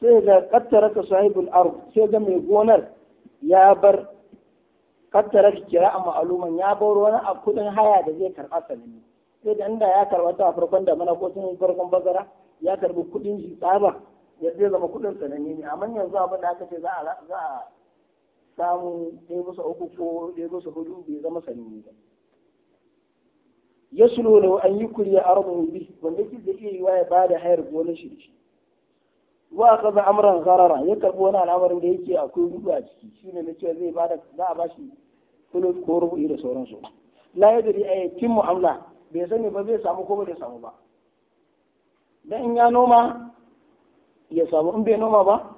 sai ga ka sahibul ard sai ga mai gonar ya bar kattaraka kira a aluman ya bar wani a kudin haya da zai karɓa sananne sai da inda ya karɓa ta farkon da mana ko sun farkon bazara ya karɓi kudin shi tsaba ya zai zama kudin sananne ne amma yanzu abin da aka ce za a za a samu ɗaya musu uku ko ɗaya musu hudu bai zama sananne ba ya sulo an yi kuriya arba bi wanda yake da iya yi wa ya da hayar gonar da shi wa ka za amuran zarara, ya karbi wani al'amarin da yake akwai rubu a ciki ne na cewa zai bada za a bashi kulus ko rubu'i da sauransu la yadri ayatin mu'amala bai sani ba zai samu ko bai samu ba dan in ya noma ya samu in bai noma ba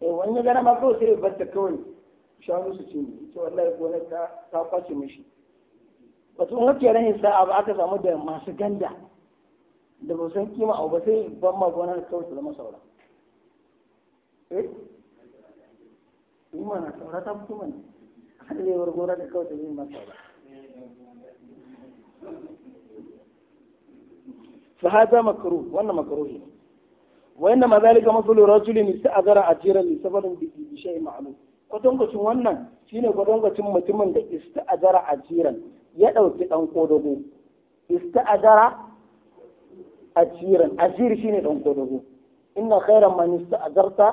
eh wani gana ma kawai sai bar ta kawai shanu su ci ne ce wallahi gonar ta ta kwace mishi wato in ka ran sa'a ba aka samu da masu ganda da ba san kima a ba sai ban ma gona da kawai su zama saura eh kima na saura ta fito mani har zai war gora da kawai ta zai ma saura fa hada makru wannan makaro ne wa inna ma zalika masul rajul min sa'ara ajira li sabarin bi shay ma'lum kwatan gacin wannan shine kwatan gacin mutumin da ista a jiran, ya dauki dan kodogo ista ajira asiran asiri shine dan kodogo inna khairan man ista'zarta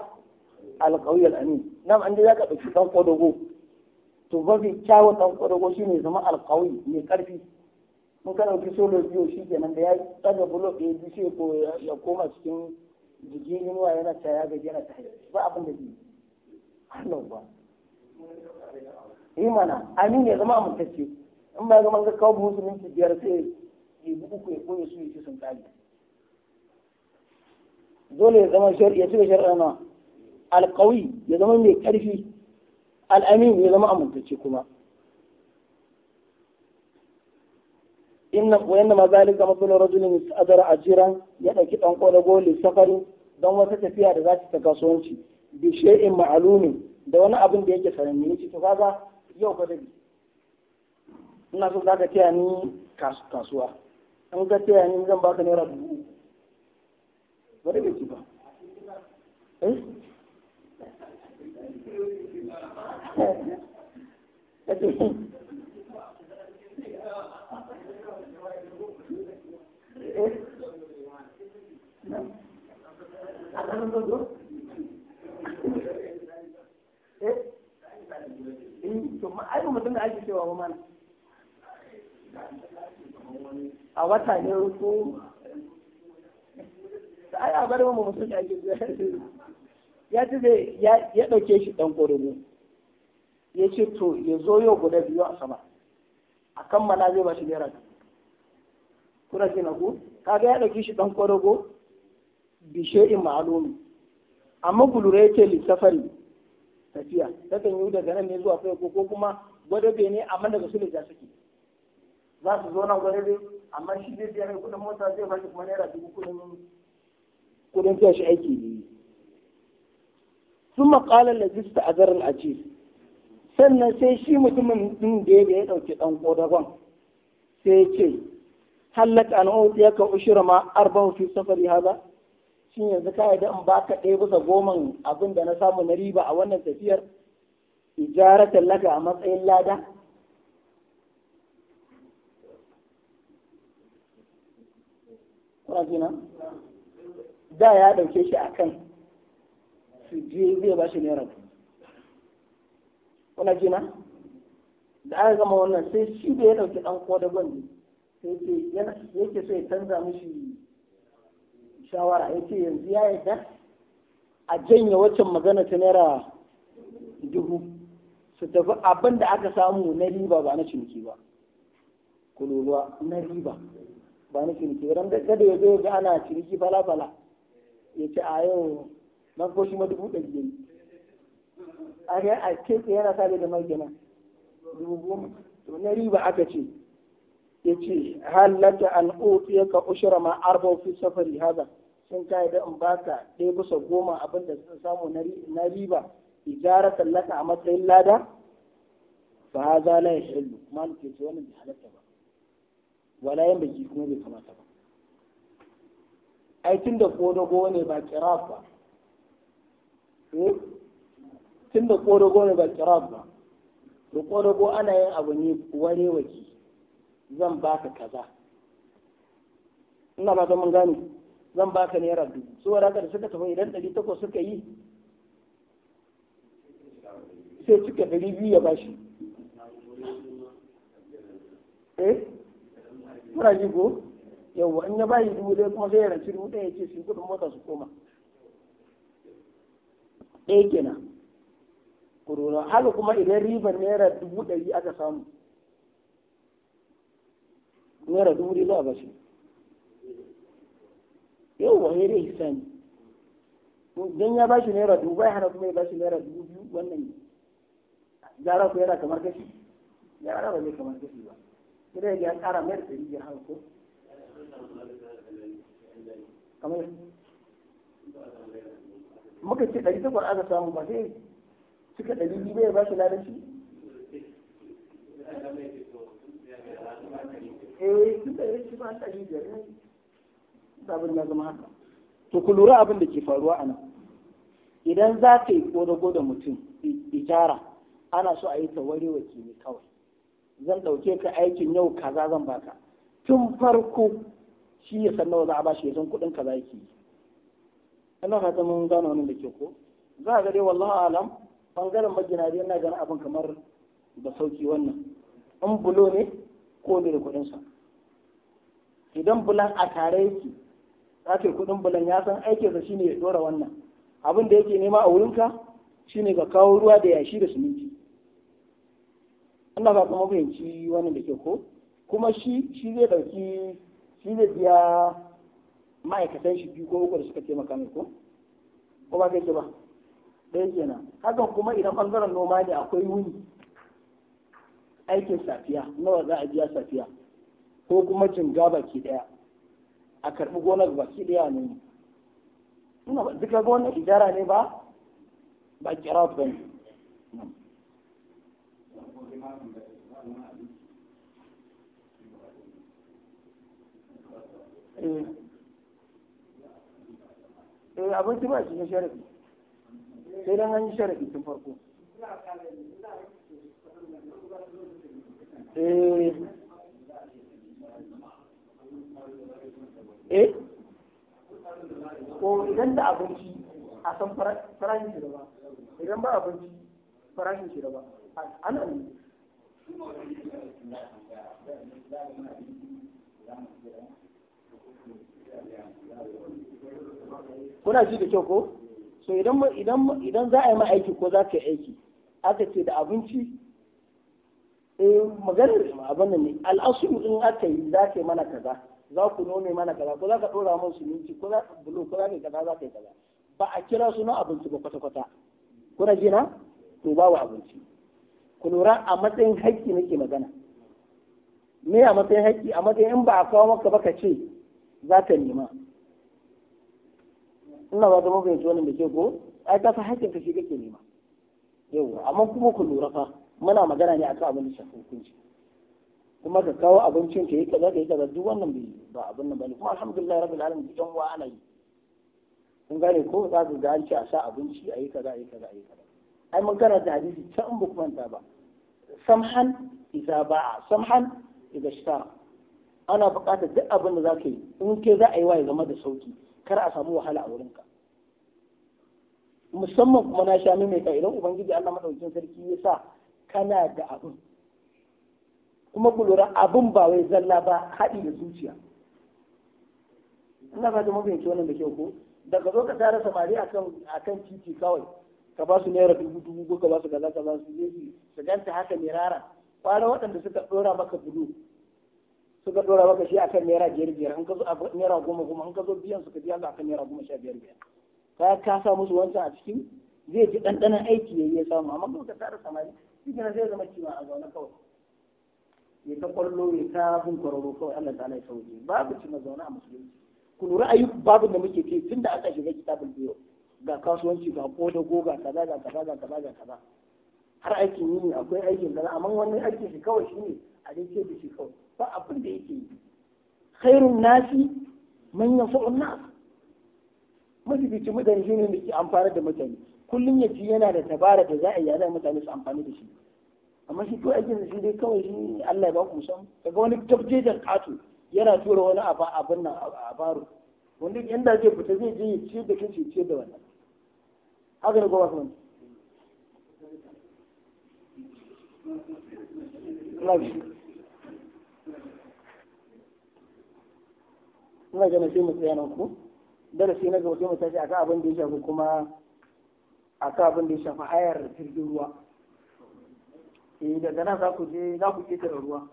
al-qawi al-amin nam an da zaka dauki dan kodogo to mafi kyawun dan kodogo shine zama al-qawi mai karfi mun kana dauki solo biyo shikenan da ya tsaga bulo ya dishe ko ya koma cikin jiki wa yana ta ya gaji yana ta ba abin da zai Allah ba imana amin ya zama amintacce in ba ya zama ka kawo musulunci biyar sai ya uku ya koya su ya ce sun kare dole ya zama ya cika shari'a ma alƙawi ya zama mai karfi al'amin ya zama amintacce kuma inna wayanna ma zalika matsalar rajulin adara ajiran ya ɗauki ɗan goli safari don wata tafiya da za ta kasuwanci bi shay'in ma'lumi da wani abin da yake sananne yace to kaga yau ka dabi ina so za ka taya ni kasuwa in ka taya ni zan baka naira dubu bari da ci ba eh? a wata ne ko ai a bar mu musulmi ake ya ce zai ya ɗauke shi ɗan ƙorini ya ce to ya zo yau guda biyu a sama a kammala zai ba shi naira kuna ce na ku kaga ya ɗauki shi ɗan ƙwarago bishe in ma'alumi amma gulura ya ce lissafari tafiya ta kan yi daga nan ne zuwa kai ko kuma gwadabe ne amma daga su ne ja suke za su zo nan gwadabe amma shi zai biya mai kuɗin mota zai ba shi kuma naira dubu kuɗin kudin ta shi aiki ne sun maƙalar lajista a zarar ajiz sannan sai shi mutumin din da ya ɗauki ɗan kodagon sai ya ce hallaka an ya ka ushira ma arba fi safari haza shin yanzu ka da in ba ka ɗaya bisa goman abin da na samu na riba a wannan tafiyar ijara tallaka a matsayin lada kuna da ya ɗauke shi akan su je zai ba shi naira dubu kuna jina da aka gama wannan sai shi da ya ɗauki ɗan da ne sai yake so ya canza mishi shawara ya ce yanzu ya yarda a janye waccan magana ta naira dubu su tafi abin da aka samu na riba ba na ciniki ba kululuwa na riba ba na ciniki ba don da ya zo ga ana ciniki fala-fala ya ce a yau man ko ma dubu ɗari ne a ga a ce yana sa da mai gina dubu goma to na riba aka ce ya ce halatta an ya ka ushira ma arba fi safari haza sun ka da in baka ɗaya bisa goma abin da sun samu na riba ijara tallaka a matsayin lada ba haza la yahillu ke ce wani bai halatta ba wala yan ji kuma bai kamata ba ai tun da kodogo ne ba kiraf ba eh? tun da kodogo ne ba kiraf ba da kodogo ana yin abu ne ware waki zan baka kaza ina ba ta mun gane zan baka naira dubu su wadata da suka tafi idan ɗari takwas suka yi sai cika ɗari biyu ya bashi eh? Kuna ji ko? yawwa in ya bayi dubu ɗaya kuma zai ya ranci dubu ɗaya ya ce su kuɗin mota su koma ɗaya kenan kuruna haka kuma idan ribar naira dubu ɗari aka samu naira dubu ɗari za a bashi yawwa ya dai sani don ya bashi naira dubu bai hana kuma ya bashi naira dubu biyu wannan ne gara ku yana kamar kashi gara ba zai kamar kashi ba sai ya kara mai da ɗari biyar haka ko kamar muka ce ɗari takwas aka samu ba sai suka ɗari biyu bai ba shi lalaci eh sun da yake ba ɗari biyar ne eh, da abin ya zama haka to ku lura abin da ke faruwa a nan idan za ka yi ko da mutum ijara ana so a yi ta ke wakili kawai zan ɗauke ka aikin yau kaza zan baka tun farko shi ya san nawa za a shi ya san kuɗin ka za yi ina fata mun gano wani da ke ko za a ga dai wallahi alam bangaren majina dai na gani abin kamar da sauki wannan in bulo ne ko ne da kuɗin sa idan bulan a tare yake za ka yi kuɗin bulan ya san aikinsa shine ya ɗora wannan abin da yake nema a wurinka shine ka kawo ruwa da yashi da siminti ina ba kuma fahimci wannan da ke ko kuma shi shi zai ɗauki shi zai biya ma'aikatan shi biyu ko uku da suka taimaka mai ko ko ba kai ba ɗaya kenan hakan kuma idan ɓangaren noma ne akwai wuni aikin safiya nawa za a biya safiya ko kuma jinga baki ɗaya a karɓi gonar baki ɗaya ne ina ba duka gonar ijara ne ba ba kira ba ne Eh, eh abinci ba shi na sai dan an yi tun farko eh eh ko idan da abinci a san farashin shi ba idan ba abinci farashin shi ba ana ne kuna ji da kyau ko so idan idan idan za a yi ma aiki ko za ka yi aiki aka ce da abinci eh maganar abin nan ne al'asu in aka yi za ka yi mana kaza za ku nome mana kaza ko za ka dora mun minti ko za ka bulo ko za ka yi kaza za ka yi kaza ba a kira su na abinci ba kwata kwata kuna ji na to babu abinci ku lura a matsayin haƙƙi nake magana me a matsayin haƙƙi a matsayin in ba a kawo maka ba ka ce za ta nema ina ba zama bai wani da ke ko ai ta fi haƙƙin shi kake nema Yau, amma kuma ku lura fa muna magana ne akan abin da shafi hukunci kuma ka kawo abincin ka yi kaza ka yi kaza duk wannan bai ba abin nan bane kuma alhamdulillah rabbil alamin duk yan wa ana yi kun gane ko za ku ga an ce a sa abinci a yi kaza a yi kaza a yi kaza ai mun karanta hadisi can in ba ku manta ba samhan idza ba'a samhan idza ishtara ana buƙatar duk abin da za yi in ke za a yi wa ya zama da sauki kar a samu wahala a wurinka musamman kuma na sha mai ka idan ubangiji Allah madaukakin sarki ya sa kana da abin kuma ku lura abin ba wai zalla ba haɗi da zuciya ina fata mun bincike wannan da kyau ko daga zo ka tara samari akan akan titi kawai ka ba su naira dubu dubu ko ka ba su kaza kaza su je su ganta haka rara kwara waɗanda suka ɗora maka bulu suka dora maka shi akan naira biyar biyar in ka zo naira goma goma in ka zo biyan suka biya akan naira goma sha biyar biyar ka ka sa musu wancan a cikin zai ji ɗanɗanon aiki ya yi samu amma kuma ka tara samari shi kenan zai zama cewa a zaune kawai ya ta kwallo ya ta bin kwararo kawai Allah ta ya sauke babu cin zaune a musulunci ku lura ayyuka babu da muke ce tun da aka shiga kitabul biyo ga kasuwanci ga koda ko ga kaza ga kaza ga kaza ga kaza har aikin yi akwai aikin kaza amma wani aikin shi kawai shi ne a dai ce da shi kawai ba abin da yake yi khairun nasi man yasu'un nas mafificin mutane shine da ke amfana da mutane kullum ya ci yana da tabara da za a yi mutane su amfani da shi amma shi kawai aikin shi dai kawai shi Allah ya ba ku san kaga wani tabjejan katu yana tura wani abin nan a baro wanda yanda zai fita zai je ya ciyar da kai ya ciyar da wannan haka ne goma kuma Love you. suna ganin sai mu tsaya nan ku darasi na gaba sai mu tashi akan abin da ya shafi kuma akan abin da ya shafi hayar jirgin ruwa eh daga nan za ku je za ku ketare ruwa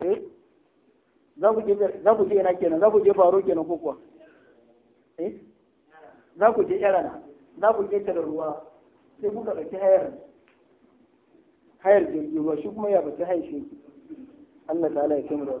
eh za ku je za ku je ina kenan za ku je faro kenan ko kuwa eh za ku je yarana za ku ketare ruwa sai kuka ɗauki hayar hayar jirgin ruwa shi kuma ya bace hayar shi Allah ta'ala ya kai mu da